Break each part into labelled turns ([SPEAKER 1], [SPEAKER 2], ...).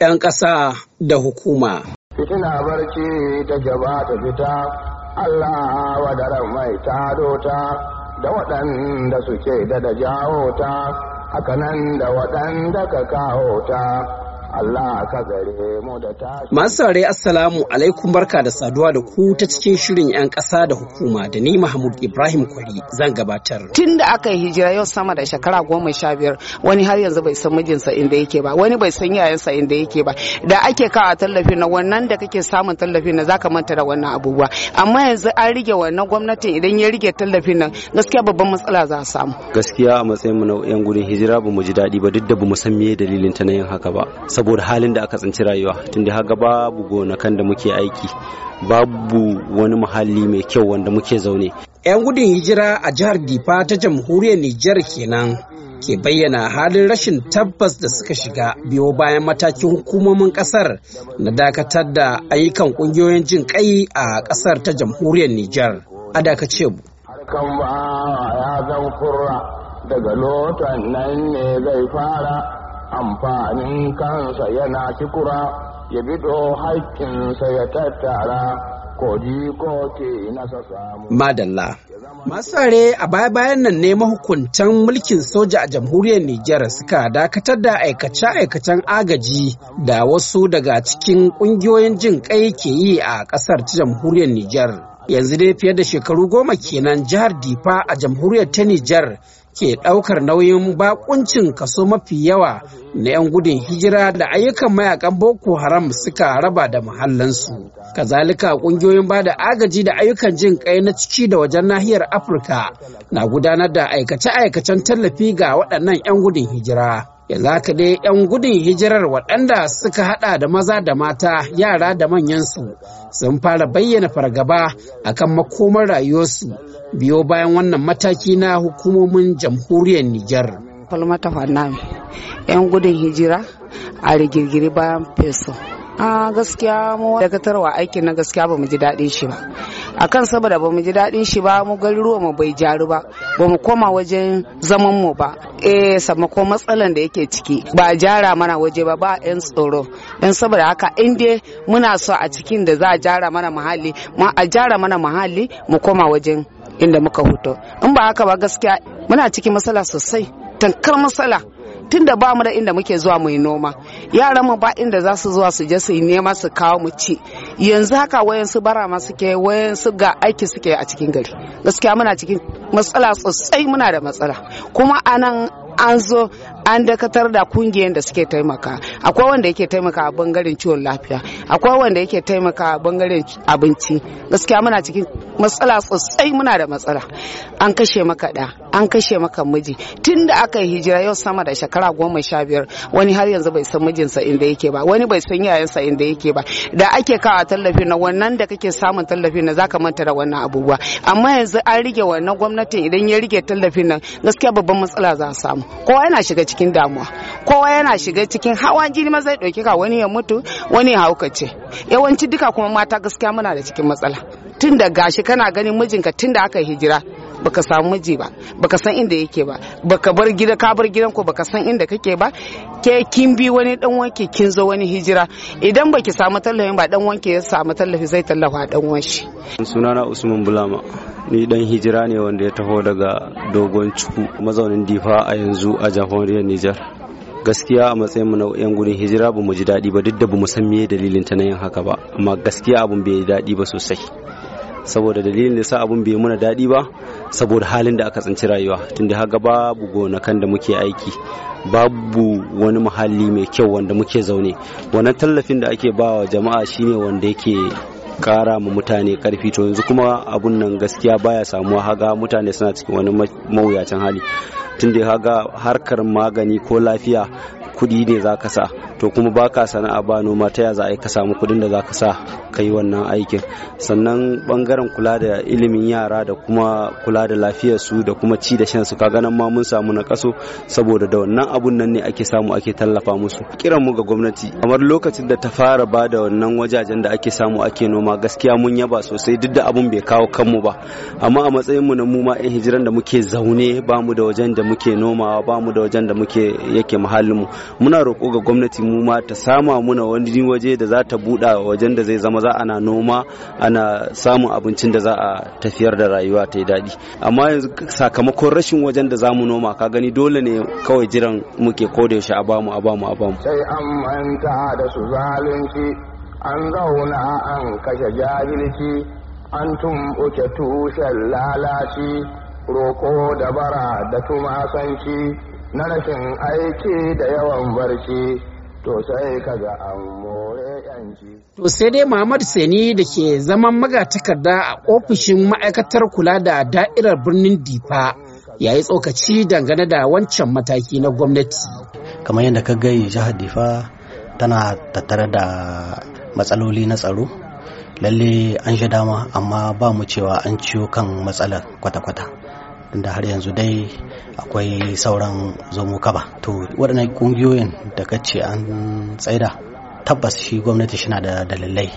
[SPEAKER 1] 'yan ƙasa da hukuma.
[SPEAKER 2] Fitina barci ta gaba ta fita, Allah wadaran mai ta ta da waɗanda suke da da jawo ta, nan da waɗanda ka kawo ta.
[SPEAKER 1] Masu Assalamu alaikum barka da saduwa da ku ta cikin shirin 'yan ƙasa da hukuma da ni Mahmud Ibrahim Kwari zan gabatar.
[SPEAKER 3] Tun da aka yi hijira yau sama da shekara goma sha biyar wani har yanzu bai san mijinsa inda yake ba wani bai san yayansa inda yake ba da ake kawo tallafi na wannan da kake samun tallafi na zaka manta da wannan abubuwa amma yanzu an rige wannan gwamnati idan ya rige tallafin nan gaskiya babban matsala za a samu.
[SPEAKER 4] Gaskiya a matsayin mu na 'yan gudun hijira ba mu ji daɗi ba duk da ba mu san me dalilin ta na yin haka ba. saboda halin da aka tsinci rayuwa tunda haka babu gonakan da muke aiki babu wani muhalli
[SPEAKER 1] mai kyau wanda muke zaune 'yan gudun hijira a jihar difa ta jamhuriyar nijar kenan ke bayyana halin rashin tabbas da suka shiga biyo bayan matakin hukumomin kasar na dakatar da ayyukan kungiyoyin jin kai a kasar ta jamhuriyar Nijar. A dakace bu
[SPEAKER 2] daga lotan nan ne zai fara amfanin kansa yana kikura ya bido haƙƙinsa ya tattara ko ke samu.
[SPEAKER 1] Madalla. Masare a baya-bayan nan ne mahukuntan mulkin soja a jamhuriyar Nijar suka dakatar da aikace-aikacen agaji da wasu daga cikin ƙungiyoyin jin ƙai ke yi a ƙasar ta jamhuriyar Nijar. Yanzu dai fiye da shekaru goma kenan jihar Difa a jamhuriyar ta Nijar ke ɗaukar nauyin bakuncin kaso mafi yawa na 'yan gudun hijira da ayyukan mayakan Boko Haram suka raba da muhallansu. Kazalika ƙungiyoyin ba da agaji da ayyukan jin kai na ciki da wajen nahiyar Afirka na gudanar da aikace-aikacen tallafi ga waɗannan 'yan gudun hijira. yanzu haka dai 'yan gudun hijirar waɗanda suka hada da maza da mata yara da manyansu sun fara bayyana fargaba akan makomar rayuwarsu biyo bayan wannan mataki na hukumomin jamhuriyar
[SPEAKER 3] nijar 'yan gudun hijira a rigirgiri bayan feso a gaskiya mu dagatarwa aikin na gaskiya ba mu ji daɗin shi ba akan saboda ba mu ji daɗin shi ba mu ruwa mu bai jaru ba ba mu koma wajen zaman mu ba eh samako matsalan da yake ciki ba jara mana waje ba ba yan tsoro dan saboda haka in dai muna so a cikin da za a jara mana muhalli ma a jara mana muhalli mu koma wajen inda muka huto in ba haka ba gaskiya muna cikin matsala sosai tankar matsala tunda ba mu da inda muke zuwa mu yi noma yaran mu ba inda za su zuwa su je su yi nema su kawo mu ci yanzu haka wayan su bara ma suke wayan su ga aiki suke a cikin gari gaskiya muna cikin matsala sosai muna da matsala kuma anan an zo an dakatar da kungiyar da suke taimaka akwai wanda yake taimaka a bangaren ciwon lafiya akwai wanda yake taimaka a bangaren abinci gaskiya muna cikin matsala sosai muna da matsala an kashe maka da an kashe maka miji tun da aka yi hijira yau sama da shekara goma sha biyar wani har yanzu bai san mijinsa inda yake ba wani bai san yayansa inda yake ba da ake kawo tallafi na wannan da kake samun tallafi na zaka manta da wannan abubuwa amma yanzu an rige wannan gwamnatin idan ya rige tallafin nan gaskiya babban matsala za a samu kowa yana shiga cikin damuwa kowa yana shiga cikin hawa jini ma zai ɗauki ka wani ya mutu wani ya haukace yawanci duka kuma mata gaskiya muna da cikin matsala tun da gashi kana ganin mijinka tun da aka hijira baka samu miji ba baka san inda yake ba baka bar gida ka bar gidan ko baka san inda kake ba ke kin bi wani dan wanke kin zo wani hijira idan baki samu tallafin ba dan wanke ya samu tallafi zai tallafa dan wanshi
[SPEAKER 4] sunana Usman Bulama ni dan hijira ne wanda ya taho daga dogon cuku mazaunin difa a yanzu a jamhuriyar Nijar gaskiya a matsayin mu na yan gudun hijira bamu ji daɗi ba duk da ba mu san me dalilin ta na yin haka ba amma gaskiya abun bai daɗi ba sosai saboda dalilin da sa abun bai muna daɗi ba saboda halin da aka tsinci rayuwa tunda haka babu gonakan da muke aiki babu wani muhalli mai kyau wanda muke zaune wannan tallafin da ake ba wa jama'a shine wanda yake kara mu mutane karfi to yanzu kuma abun nan gaskiya baya samuwa haga mutane suna cikin wani mawuyacin hali tunda haga harkar magani ko lafiya kudi ne za ka sa to kuma ba ka sana'a ba noma ta ya za a yi ka samu kuɗin da za ka sa ka yi wannan aikin sannan bangaren kula da ilimin yara da kuma kula da lafiyarsu da kuma ci da shan su kaga nan ma mun samu na kaso saboda da wannan abun nan ne ake samu ake tallafa musu kiran mu ga gwamnati kamar lokacin da ta fara ba da wannan wajajen da ake samu ake noma gaskiya mun yaba sosai duk da abun bai kawo kanmu ba amma a matsayin mu na mu ma yan hijiran da muke zaune ba mu da wajen da muke nomawa ba mu da wajen da muke yake muhallin mu muna roƙo ga gwamnati mu ma ta sama muna wani waje da za ta buɗa wajen da zai zama za ana noma ana samun abincin da za a tafiyar da rayuwa ta yi daɗi amma yanzu sakamakon rashin wajen da za mu noma ka gani dole ne kawai jiran muke kodayaushe yaushe a bamu a bamu a bamu
[SPEAKER 2] sai an manta da su zalunci an zauna an kashe jahilci an tumɓuke tushen lalaci roƙo da bara da tumasanci na rashin aiki da yawan barci to
[SPEAKER 1] sai dai Muhammad Sani da ke zaman magatakarda a ofishin ma'aikatar kula da da'irar birnin Difa ya yi tsokaci dangane da
[SPEAKER 5] wancan mataki na gwamnati. Kamar yadda ka gai jihar Difa tana tattare da matsaloli na tsaro lalle an shi dama amma ba mu cewa an ciwo kan matsalar kwata-kwata. inda har yanzu dai akwai sauran zomo kaba to waɗannan ƙungiyoyin da ka ce an tsaida tabbas shi gwamnati shi da dalilai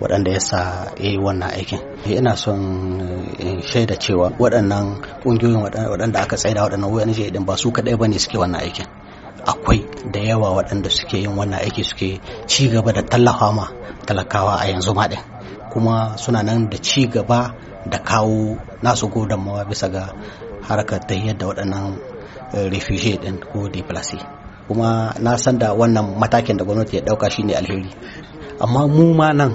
[SPEAKER 5] waɗanda ya sa ya wannan aikin eh, ina son eh, shaida cewa waɗannan ƙungiyoyin waɗanda aka tsaida waɗannan ONG din ba su kaɗai ba ne suke wannan aikin akwai da yawa waɗanda suke yin wannan aiki suke ci gaba da tallafa ma talakawa a yanzu ma ɗin kuma suna nan da ci gaba da kawo nasu gudunmawa bisa ga harkar ta yadda waɗannan eh, refugee ɗin ko deplace kuma na san da wannan matakin da gwamnati ya ɗauka shine alheri amma mu ma nan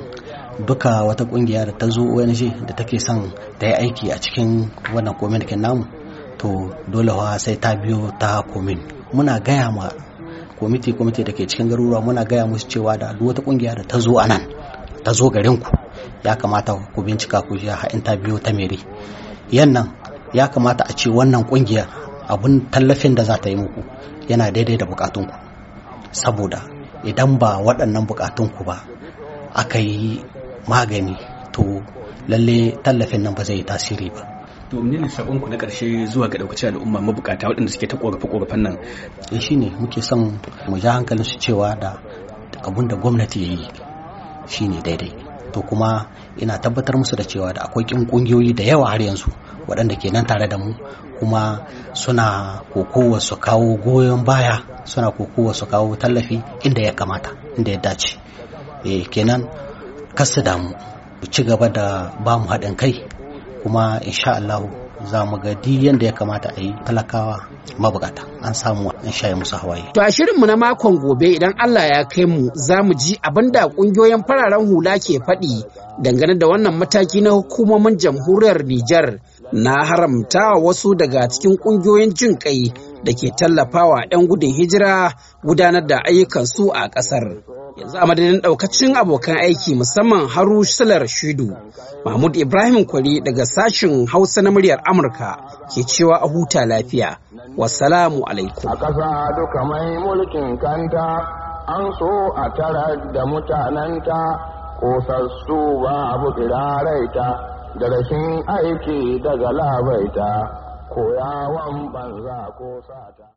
[SPEAKER 5] duka wata kungiya da ta zo ONG da take son ta yi aiki a cikin wannan kominikin namu to dole sai ta biyo ta komin muna gaya ma komiti komiti da ke cikin garuruwa muna gaya musu cewa da wata kungiya da ta zo a nan ta zo garin ya kamata ku bincika ku ji ha biyo ta mere yannan ya kamata a ce wannan kungiya abun tallafin da za ta yi muku yana daidai da bukatunku saboda idan ba waɗannan bukatunku ba aka yi magani to lalle tallafin nan ba zai yi tasiri ba to ne ne sabonku na karshe zuwa ga daukacin al'umma mabukata waɗanda suke ta korafe korafen nan eh shine muke son mu ja hankalin su cewa da abun da gwamnati ya yi shine daidai to kuma ina tabbatar musu da cewa da akwai kin kungiyoyi da yawa har yanzu waɗanda ke nan tare da mu kuma suna kokowa su kawo goyon baya suna kokowa su kawo tallafi inda ya kamata inda ya dace eh, kenan kasu damu ci gaba da ba mu haɗin kai kuma insha Allahu za mu ga duk yadda ya kamata a yi talakawa mabukata an samu an shaye musu hawaye.
[SPEAKER 1] To a mu na makon gobe idan Allah ya kai mu za mu ji abin da kungiyoyin fararen hula ke faɗi dangane da wannan mataki na hukumomin jamhuriyar Nijar na haramtawa wasu daga cikin kungiyoyin jin kai da ke tallafawa 'yan gudun hijira gudanar da ayyukansu a ƙasar. yanzu a madadin daukacin abokan aiki musamman haru salar shidu mahmud ibrahim kwari daga sashin hausa na muryar amurka ke cewa a huta lafiya wasalamu alaikum a
[SPEAKER 2] ƙasa duka mai mulkin kanta an so a tara da mutananta kosassu ba abu raita da rashin aiki daga labaita koyawan banza ko sata